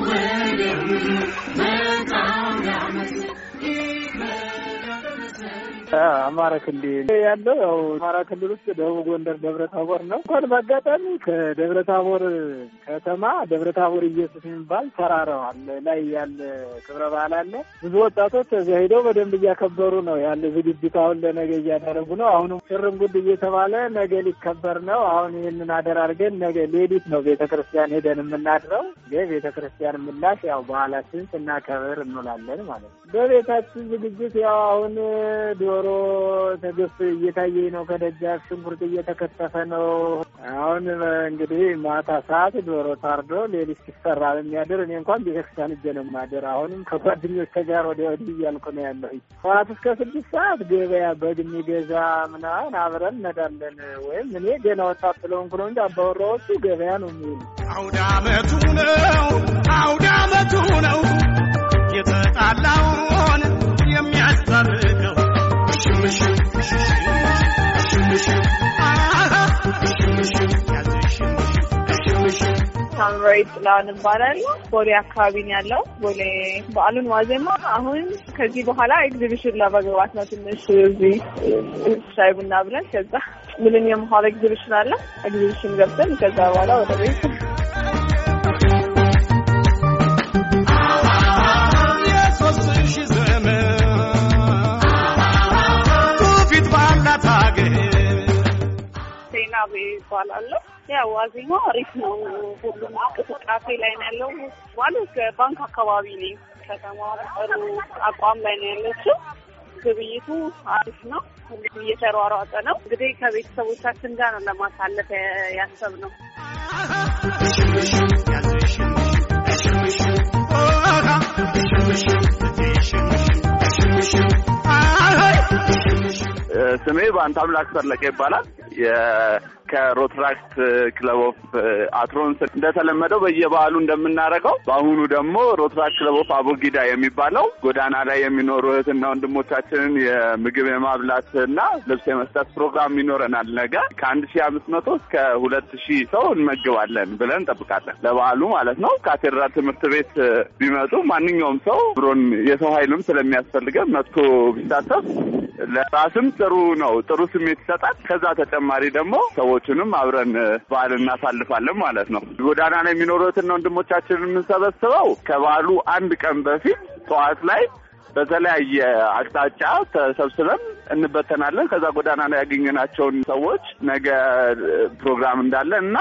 Where አማራ ክልል ያለው ያው አማራ ክልል ውስጥ ደቡብ ጎንደር ደብረ ታቦር ነው። እንኳን በአጋጣሚ ከደብረ ታቦር ከተማ ደብረ ታቦር ኢየሱስ የሚባል አለ ላይ ያለ ክብረ በዓል አለ። ብዙ ወጣቶች እዚያ ሄደው በደንብ እያከበሩ ነው ያለ ዝግጅት አሁን ለነገ እያደረጉ ነው። አሁኑ ጉድ እየተባለ ነገ ሊከበር ነው። አሁን ይህንን አደር አድርገን ነገ ሌሊት ነው ቤተ ክርስቲያን ሄደን የምናድረው። ቤተ ክርስቲያን ምላሽ ያው በዓላችን ስናከብር እንውላለን ማለት ነው። በቤታችን ዝግጅት ያው አሁን ዶሮ ተገፍ እየታየ ነው ከደጃፍ። ሽንኩርት እየተከተፈ ነው። አሁን እንግዲህ ማታ ሰዓት ዶሮ ታርዶ ሌሊት ሲሰራ የሚያድር እኔ እንኳን ቤተክርስቲያን እጄ ነው ማደር። አሁንም ከጓደኞች ጋር ወደ ወዲህ እያልኩ ነው ያለሁ። ሰዓት እስከ ስድስት ሰዓት ገበያ በግ የሚገዛ ምናምን አብረን እንሄዳለን። ወይም እኔ ገና ወጣት ስለሆንኩ ነው እንጂ አባወራዎቹ ገበያ ነው የሚውሉ። አውዳመቱ ነው አውዳመቱ ነው ፍሬድ ጥላሁን እባላለሁ። ቦሌ አካባቢ ነው ያለው። ቦሌ በዓሉን ዋዜማ አሁን ከዚህ በኋላ ኤግዚቢሽን ለመግባት ነው። ትንሽ እዚህ ሻይ ቡና ብለን ከዛ ሚሊኒየም ሆል ኤግዚቢሽን አለ። ኤግዚቢሽን ገብተን ከዛ በኋላ ወደ ቤት ዜና ይባላለሁ። ያው ዋዜማ አሪፍ ነው። ሁሉም እንቅስቃሴ ላይ ነው ያለው። ዋሉ ከባንክ አካባቢ ነኝ። ከተማ ጥሩ አቋም ላይ ነው ያለችው። ግብይቱ አሪፍ ነው። ሁሉም እየተሯሯጠ ነው። እንግዲህ ከቤተሰቦቻችን ጋር ነው ለማሳለፍ ያሰብ ነው። ስሜ በአንተ አምላክ ፈለቀ ይባላል። ከሮትራክት ክለብ ኦፍ አትሮንስ እንደተለመደው በየበዓሉ እንደምናደርገው በአሁኑ ደግሞ ሮትራክት ክለብ ኦፍ አቦጊዳ የሚባለው ጎዳና ላይ የሚኖሩ እህትና ወንድሞቻችንን የምግብ የማብላት እና ልብስ የመስጠት ፕሮግራም ይኖረናል። ነገ ከአንድ ሺ አምስት መቶ እስከ ሁለት ሺ ሰው እንመግባለን ብለን እንጠብቃለን። ለበዓሉ ማለት ነው። ካቴድራል ትምህርት ቤት ቢመጡ ማንኛውም ሰው ብሮን የሰው ኃይልም ስለሚያስፈልገን መጥቶ ቢሳተፍ ለራስም ጥሩ ነው። ጥሩ ስሜት ይሰጣል። ከዛ ተጨማሪ ደግሞ ሰዎች ስራዎችንም አብረን በዓል እናሳልፋለን ማለት ነው። ጎዳና ነው የሚኖሩትን ወንድሞቻችንን የምንሰበስበው ከበዓሉ አንድ ቀን በፊት ጠዋት ላይ በተለያየ አቅጣጫ ተሰብስበን እንበተናለን። ከዛ ጎዳና ላይ ያገኘናቸውን ሰዎች ነገ ፕሮግራም እንዳለ እና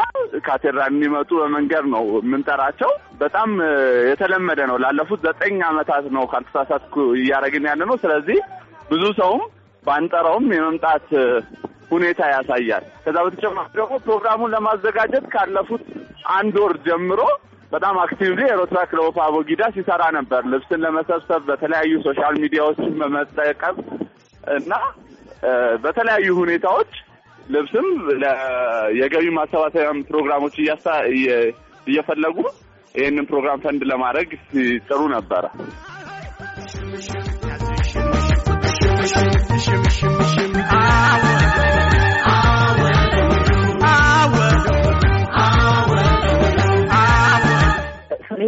ካቴድራል እንዲመጡ በመንገድ ነው የምንጠራቸው። በጣም የተለመደ ነው። ላለፉት ዘጠኝ ዓመታት ነው ካልተሳሳትኩ እያደረግን ያለ ነው። ስለዚህ ብዙ ሰውም ባንጠራውም የመምጣት ሁኔታ ያሳያል። ከዛ በተጨማሪ ደግሞ ፕሮግራሙን ለማዘጋጀት ካለፉት አንድ ወር ጀምሮ በጣም አክቲቭሊ ኤሮትራ ክለብ አቦጊዳ ሲሰራ ነበር። ልብስን ለመሰብሰብ በተለያዩ ሶሻል ሚዲያዎችን በመጠቀም እና በተለያዩ ሁኔታዎች ልብስም የገቢ ማሰባሰቢያም ፕሮግራሞች እየፈለጉ ይህንን ፕሮግራም ፈንድ ለማድረግ ሲጥሩ ነበረ።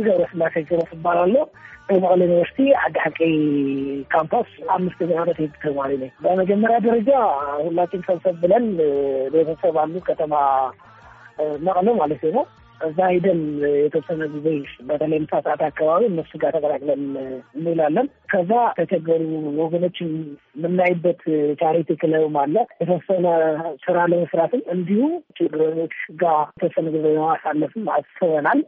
ገብረስላሴ ኪሮስ እባላለሁ። በመቀለ ዩኒቨርሲቲ ዓዲ ሓቂ ካምፓስ አምስተኛ ዓመት ህግ ተማሪ ነኝ። በመጀመሪያ ደረጃ ሁላችን ሰብሰብ ብለን ቤተሰብ አሉ ከተማ መቀለ ማለት ነው። እዛ ሂደን የተወሰነ ጊዜ በተለይ ምሳ ሰዓት አካባቢ እነሱ ጋር ተቀላቅለን እንውላለን። ከዛ ተቸገሩ ወገኖችን የምናይበት ቻሪቲ ክለብም አለ። የተወሰነ ስራ ለመስራትም እንዲሁ ችግረኞች ጋር የተወሰነ ጊዜ ለማሳለፍም አስበናል።